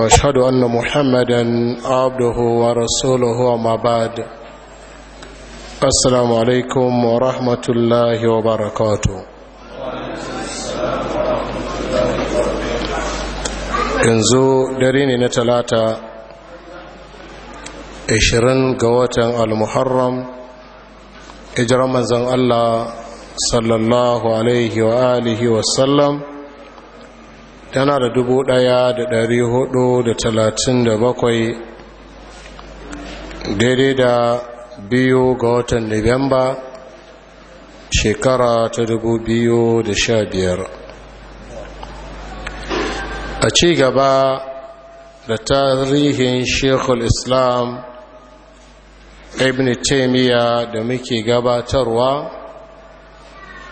واشهد ان محمدا عبده ورسوله وما بعد السلام عليكم ورحمه الله وبركاته yanzu dare ne na talata 20 ga watan al-muharram ijiran manzan allah sallallahu alaihi wa alihi wasallam tana da dubu ɗaya da dari hudu da talatin da bakwai daidai da biyu ga watan nuwamba shekara ta dubu biyu da sha biyar a ci gaba da tarihin shekul islam ibn taimiyya da muke gabatarwa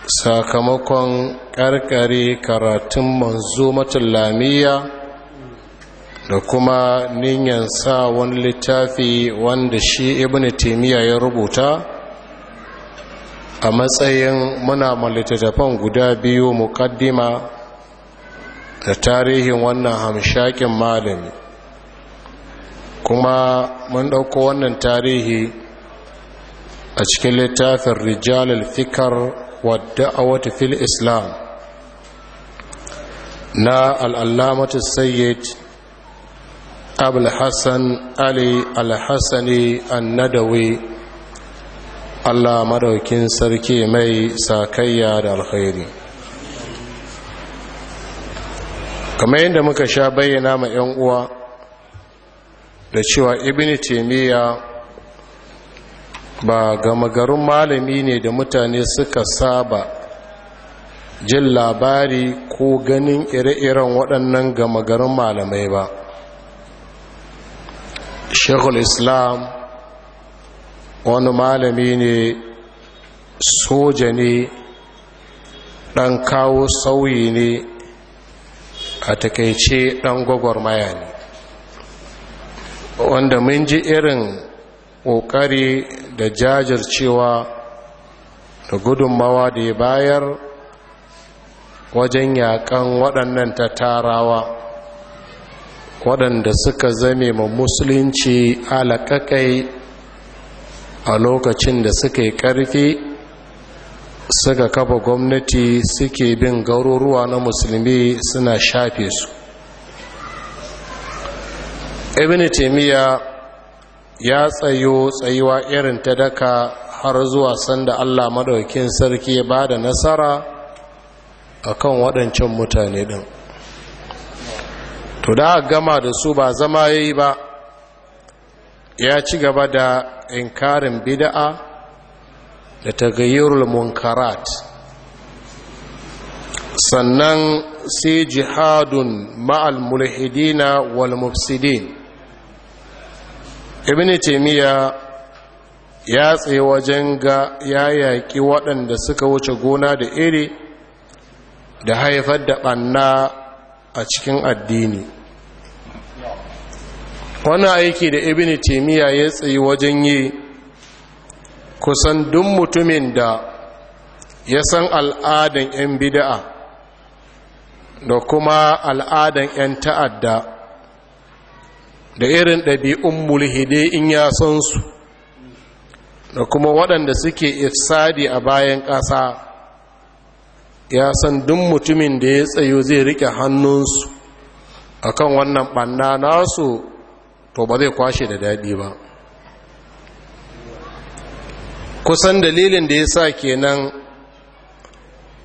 sakamakon karkare karatun manzo matallamiya da kuma niyan sa wani littafi wanda shi ibn taimiyya ya rubuta a matsayin muna malittattafan guda biyu mukaddima da tarihin wannan hamshakin malami kuma mun ɗauko wannan tarihi a cikin littafin rijalar fikar wadda'awata fil islam na al'allamata sayyid abulhassan ali alhassani annadawi allah madaukin sarki mai sakayya da alkhairi kamar yadda muka sha bayyana ma 'yan uwa da cewa ibini taimiyya ba gama garin malami ne da mutane suka saba jin labari ko ganin ire-iren waɗannan gama garin malamai ba shekul islam wani malami ne soja ne ɗan kawo sauyi ne a takaice ɗan gwagwarmaya ne wanda mun ji irin ƙoƙari da jajircewa da gudunmawa da ya bayar wajen yakan waɗannan tattarawa waɗanda suka zame ma musulunci alaƙaƙai a lokacin da suka yi ƙarfi suka kafa gwamnati suke bin garuruwa na musulmi suna shafe su ibn taimiyya ya tsayo tsayuwa irin ta daka har zuwa sanda Allah maɗaukin sarki ya ba nasara a kan waɗancan mutane din. to da gama da su ba zama ya yi ba ya ci gaba da inkarin bida'a da tagayyarul munkarat sannan sai jihadun ma'al mulhidina wal mufsidin ibn taimiyya ya tsaye wajen ga ya yaƙi waɗanda suka wuce gona da iri da haifar da ɓanna a cikin addini wani aiki da ibn taimiyya ya tsaye wajen yi kusan duk mutumin da ya san al'adan 'yan bida'a da kuma al'adan 'yan ta'adda da irin ɗabi'un mulhide in ya san su da kuma waɗanda suke ifsadi a bayan ƙasa ya san duk mutumin da ya tsayo zai riƙe hannunsu a kan wannan ɓanna nasu to ba zai kwashe da daɗi ba kusan dalilin da ya sa kenan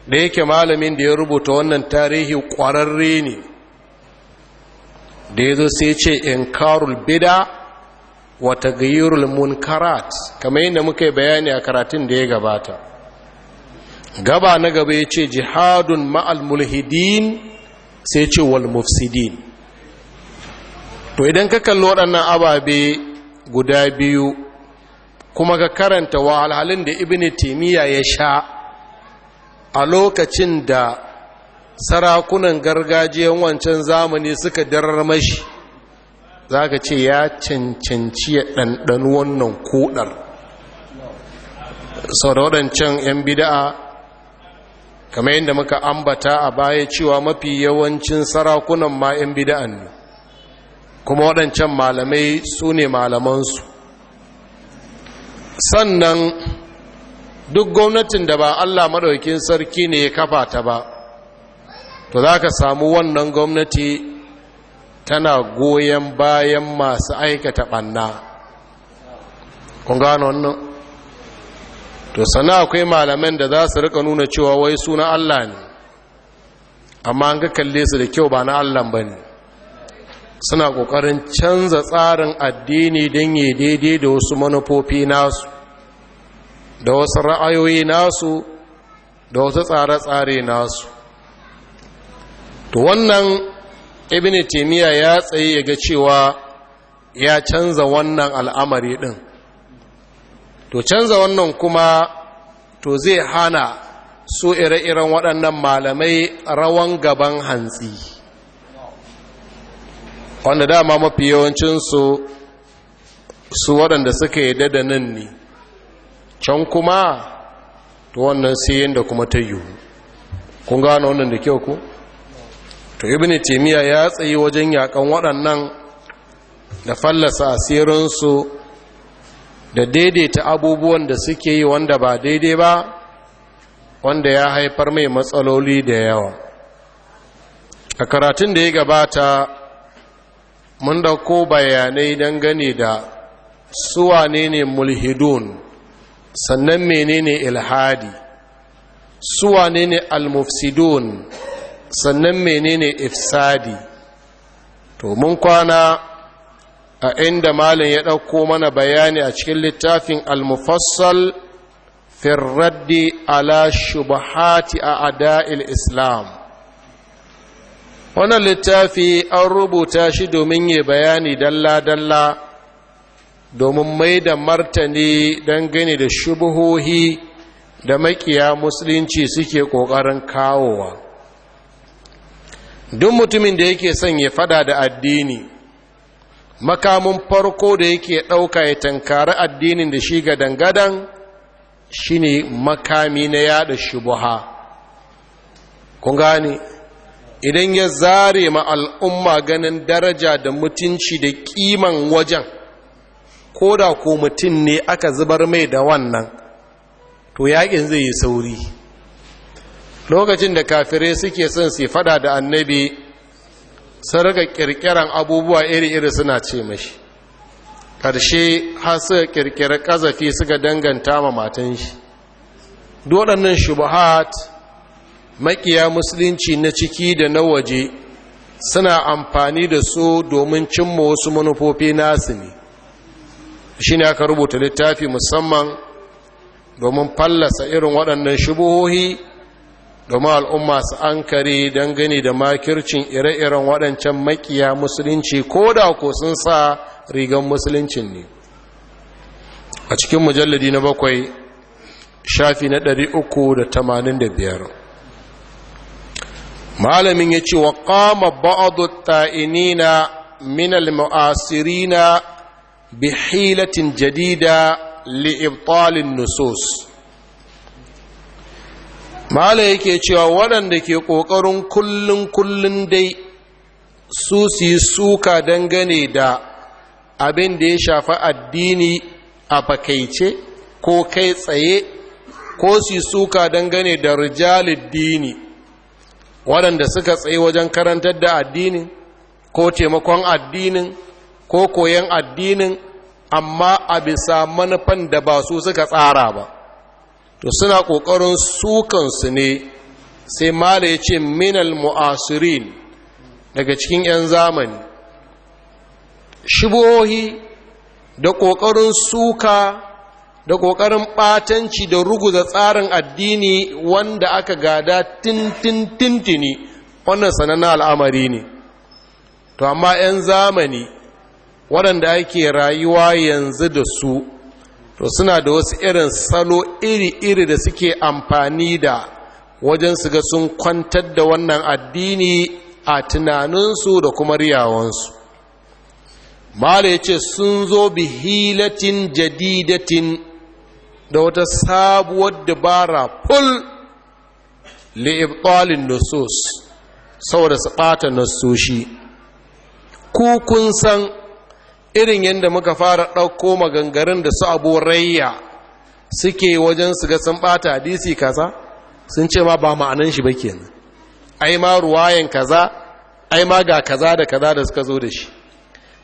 da yake malamin da ya rubuta wannan tarihi ƙwararre ne da ya zo sai ce karul bida wa taghyirul munkarat kamar yadda muka yi bayani a karatun da ya gabata gaba na gaba ya ce jihadun ma'al mulhidin sai ce wal mufsidin to idan ka kalli waɗannan ababe guda biyu kuma ka karanta alhalin da ibini taimiyya ya sha a lokacin da sarakunan gargajiyan wancan zamani suka darar za ka ce ya cancanci ya ɗanɗan wannan kuɗar sau da waɗancan 'yan bida'a kamar yadda muka ambata a baya cewa mafi yawancin sarakunan ma 'yan bida'an ne kuma waɗancan malamai su ne malamansu sannan duk gwamnatin da ba allah maɗaukin sarki ne ya kafa ta ba to za ka samu wannan gwamnati tana goyon bayan masu aikata ɓanna kun gano wannan to sana akwai malaman da za su rika nuna cewa wai suna Allah ne amma an ga kalle su da kyau ba na Allah ba ne suna ƙoƙarin canza tsarin addini don yi daidai da wasu manufofi nasu da wasu ra'ayoyi nasu da wasu tsare-tsare nasu to wannan ibn Timiya ya tsaye ya ga cewa ya canza wannan al'amari din, to canza wannan kuma to zai hana su ire-iren waɗannan malamai rawan gaban hantsi wanda dama mafi yawancinsu su waɗanda suka yi da nan ne can kuma to wannan sai yadda kuma ta yiwu kun gano wannan da kyau ku? to ibn taymiya ya tsayi wajen yakan waɗannan da fallasa asirinsu da daidaita abubuwan da suke yi wanda ba daidai ba wanda ya haifar mai matsaloli da yawa a karatun da ya gabata mun dauko bayanai dangane da suwa ne mulhidun sannan menene ilhadi ne ne almufsidun sannan menene ifsadi to mun kwana a inda malin ya ɗauko mana bayani a cikin littafin al-mufassal firraddi ala shubahati a ada'il islam wannan littafi an rubuta shi domin yi bayani dalla-dalla domin mai da martani dangane da shubuhohi da makiya musulunci suke ƙoƙarin kawowa duk mutumin da yake son ya fada da addini makamin farko da yake ɗauka ya tankari addinin da shi ga gadangadan shine makami na yada shubuha kun gane idan ya zare ma al'umma ganin daraja da mutunci da kiman wajen ko da ko mutum ne aka zubar mai da wannan to yakin zai yi sauri lokacin da kafirai suke son su fada da annabi sun riga kirkiran abubuwa iri-iri suna ce mashi ƙarshe har suka kirkiri ƙazafi suka danganta ma matan shi waɗannan shubuhat makiya musulunci na ciki da na waje suna amfani da su domin cimma wasu manufofi nasu ne shi ne aka rubuta littafi musamman domin fallasa irin waɗannan shubuhohi domin al'umma su an kare dangane da makircin ire-iren waɗancan makiya musulunci ko da ko sun sa rigar musuluncin ne a cikin mujalladi na bakwai shafi na ɗari uku da tamanin da biyar malamin ya ce wa ƙama ba'adu ta'inina min al-mu'asirina bi hilatin jadida li nusus mala yake cewa waɗanda ke ƙoƙarin kullum kullum dai su su yi suka dangane da abin da ya shafi addini a bakaice ko kai tsaye ko su yi suka dangane da rijalid dini waɗanda suka tsaye wajen karantar da addinin ko taimakon addinin ko koyon addinin amma a bisa manufan da ba su suka tsara ba to suna ƙoƙarin sukansu ne sai mala ya ce minal mu'asirin daga cikin 'yan zamani shibohi da ƙoƙarin suka da ƙoƙarin ɓatanci da ruguza tsarin addini wanda aka gada tintintintini wannan sanannen al'amari ne to amma 'yan zamani waɗanda ake rayuwa yanzu da su to suna da wasu irin salo iri-iri da suke amfani da wajen su ga sun kwantar da wannan addini a tunaninsu da kuma riyawansu mala ya ce sun zo bi hilatin jadidatin da wata sabuwar dabara ful li'ibtalin nusus saboda su ɓata nasoshi ku kun san irin yadda muka fara ɗauko maganganun da su abu rayya suke wajen su ga sun ɓata hadisi kaza sun ce ma ba ma'anan shi ba kenan ai ma ruwayan kaza ai ma ga kaza da kaza da suka zo da shi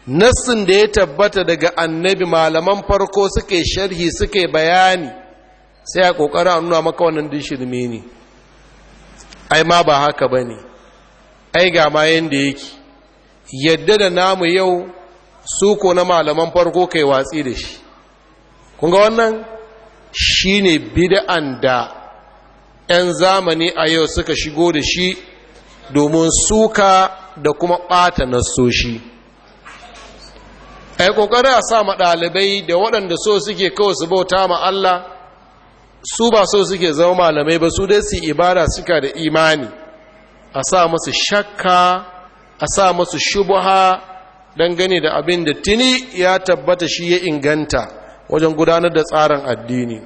nassin da ya tabbata daga annabi malaman farko suke sharhi suke bayani sai a ƙoƙarin a nuna maka wannan dishirme ne ai ma ba haka ba ne ai ga ma yadda yake yadda da namu yau su ko na malaman farko kai watsi da shi Kunga wannan wannan shine bid'an da 'yan zamani a yau suka shigo da shi domin suka da kuma ɓata nasoshi. ai ƙoƙari a sa ɗalibai da waɗanda so suke kawai su bauta ma Allah su ba so suke zama malamai ba su dai su ibada suka da imani a sa masu shakka a sa masu shubuha dangane da abin da tuni ya tabbata shi ya inganta wajen gudanar da tsarin addini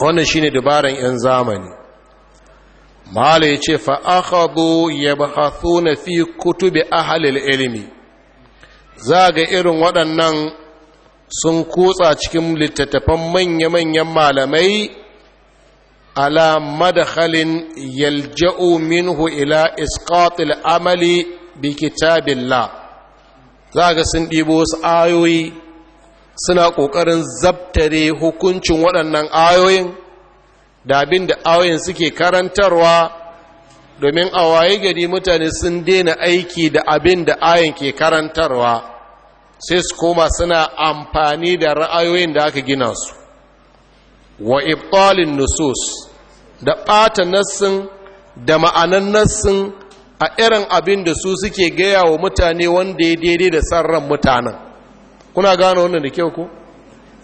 wannan shine dabarar 'yan zamani mahala ya ce fa'akhadu ya bahathu na fi a ahalil ilimi za ga irin waɗannan sun kutsa cikin littattafan manya-manyan malamai ala madakhalin yalja'u minhu ila iskatul amali bi kitabillah za ga sun ɗibo wasu ayoyi suna ƙoƙarin zabtare hukuncin waɗannan ayoyin da abin da ayoyin suke karantarwa domin a waye gari mutane sun daina aiki da abin da ayoyin ke karantarwa sai su koma suna amfani da ra'ayoyin da aka gina su wa ibtalin nusus da ɓata nassin da ma'anan nassin a irin abin da su suke gaya wa mutane wanda ya daidai da tsarran mutanen kuna gano wannan da kyau ko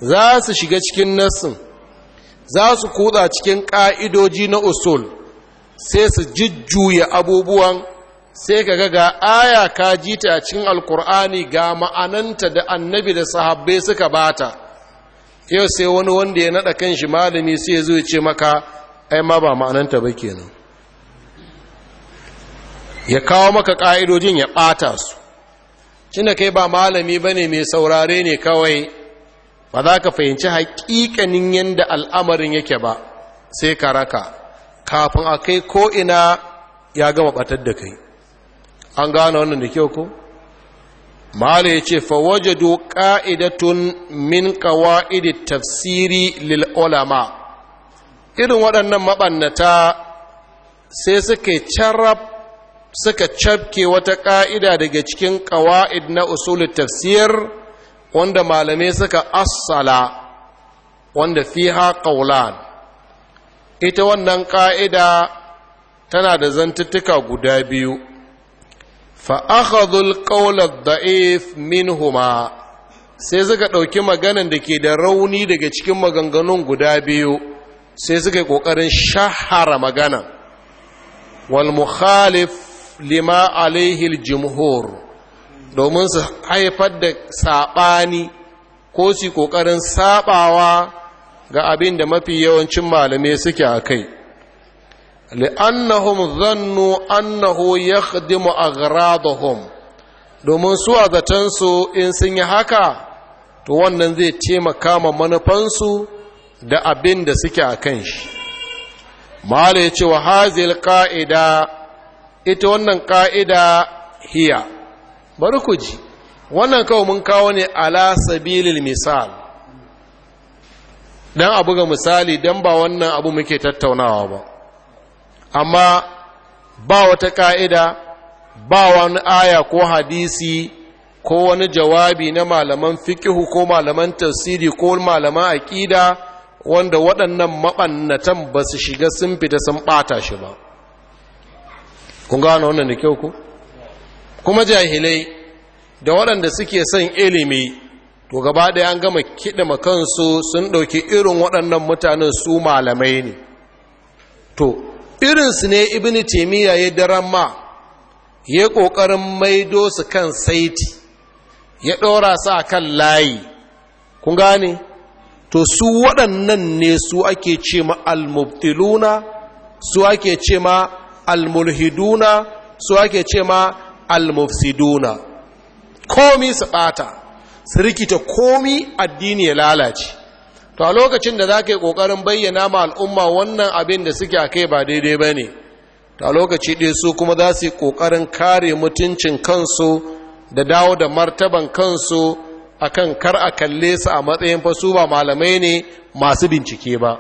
za su shiga cikin nassin za su kuda cikin ƙa'idoji na usul sai su jujjuya abubuwan sai ka ga aya ka ji ta a cikin alkur'ani ga ma'ananta da annabi da sahabbai suka bata yau sai wani wanda ya naɗa kan shi malami sai ya zo ya ce maka ai ma ba ma'ananta ba kenan ya kawo maka ƙa'idojin ya ɓata su cina kai ba malami ba ne mai saurare ne kawai ba za ka fahimci haƙiƙanin yadda al'amarin yake ba sai ka raka kafin a kai ko'ina ya gama ɓatar da kai an gane wannan da kyau ko? mala ya ce fawajado ƙa'idatun min ƙawa'idi tafsiri lil'olama? irin waɗannan maɓannata sai suke carab suka cafke wata ƙa'ida daga cikin ƙawa'id na usulun tafsir wanda malamai suka assala wanda fiha ƙaulan ita wannan ƙa'ida tana da zantuttuka guda biyu fa'akhazul ƙaular da'if minhuma sai suka ɗauki maganan da ke da rauni daga cikin maganganun guda biyu sai suka yi ƙoƙarin shahara maganan wal mukhalif lima alaihil jumhur domin su haifar da saɓani ko su ƙoƙarin saɓawa ga abin da mafi yawancin malamai suke a kai li'annahum zannu annahu da aghradahum domin su a zatansu in sun yi haka to wannan zai taimaka ma manufansu da abin da suke a kan shi ma'ala ya ce wa hazil ka'ida ita wannan ƙa'ida hiya bari ku ji wannan kawo mun kawo ne ala sabilil misal don abu ga misali don ba wannan abu muke tattaunawa ba amma ba wata ƙa'ida ba wani aya ko hadisi ko wani jawabi na malaman fikihu ko malaman tasiri ko malaman aƙida wanda waɗannan maɓannatan ba su shiga sun fita sun ɓata shi ba kun gano wannan da kyau ku kuma jahilai da waɗanda suke son ilimi to gaba ɗaya an gama kiɗa kansu sun ɗauki irin waɗannan mutanen su malamai ne to irinsu ne ibini taimiyya ya daren ma ya ƙoƙarin maido su kan saiti ya ɗora su a kan layi kun gane to su waɗannan ne su ake ce ma almubtiluna su ake ce ma almulhiduna su ake ce ma almufsiduna komi su bata su rikita komi addini ya lalace to a lokacin da za ka yi ƙoƙarin bayyana ma al'umma wannan abin da suke a kai ba daidai ba ne to a lokaci ɗaya su kuma za su yi ƙoƙarin kare mutuncin kansu da dawo da martaban kansu kan kar a kalle su a matsayin fasu ba malamai ne masu bincike ba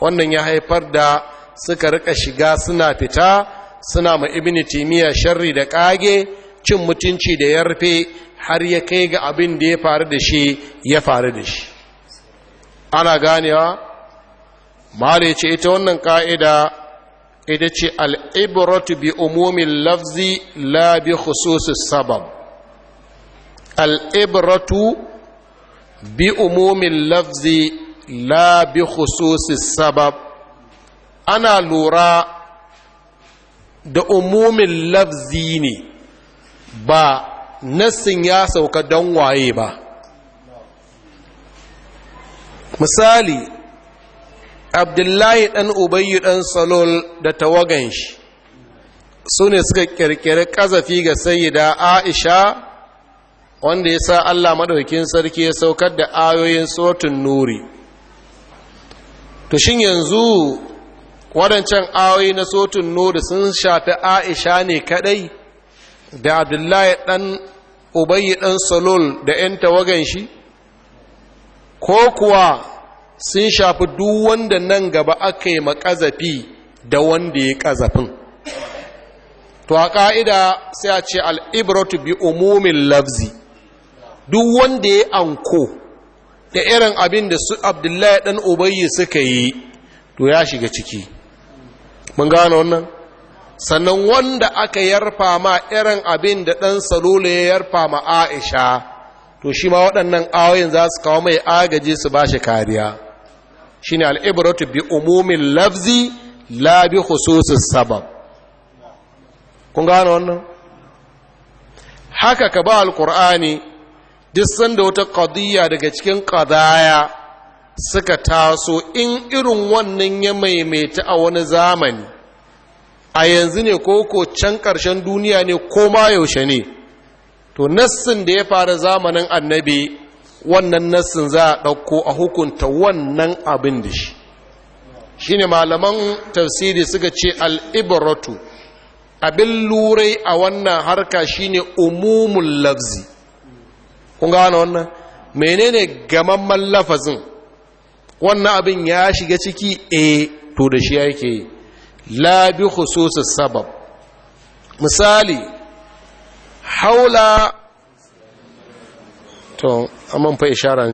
wannan ya haifar da suka rika shiga suna fita suna ma ibini timiya sharri da kage cin mutunci da ya rufe har ya kai ga abin da ya faru da shi ya faru da shi ana ganewa mala ce ita wannan ka'ida ita ce al'ibratu bi umumin lafzi la bi sabab al'ibratu bi umumin lafzi la bi khususis sabab ana lura da umumin lafzi ne ba nassin ya sauka don waye ba misali abdullahi dan ubayyu dan salol da tawagan shi su ne suka kirkiri ƙazafi ga sayida aisha wanda ya sa allah maɗaukin sarki ya saukar da ayoyin sotun nuri to shin yanzu waɗancan ayoyi na sotun nuri sun shafi aisha ne kaɗai da abdullahi ɗan ubayi ɗan salol da 'yan tawagan shi ko kuwa sun shafi duk wanda nan gaba aka yi makazafi da wanda ya kazafin to a ƙa'ida sai a ce al'ibratu bi umumin lafzi duk wanda ya anko da irin abin da su abdullahi ɗan ubayi suka yi to ya shiga ciki mun gano wannan sannan wanda aka yarfa ma irin abin da ɗan salula ya yarfa ma aisha to shi ma waɗannan ayoyin za su kawo mai agaji su ba shi kariya shi ne al'ibratu bi umumin lafzi la bi sabab kun gano wannan haka ka ba alkur'ani duk sanda wata ƙadiyya daga cikin ƙadaya suka taso in irin wannan ya maimaita a wani zamani a yanzu ne ko ko can ƙarshen duniya ne ko ma yaushe ne to nassin da ya fara zamanin annabi wannan nassin za a ɗauko a hukunta wannan abin da shi shi ne malaman tafsiri suka ce al'ibaratu abin lurai a wannan harka shi ne Umumun lafzi kun gane wannan menene gamamman lafazin wannan abin ya shiga ciki Eh. to da shi yake yi la bi khususus sabab misali haula to amma fa isharar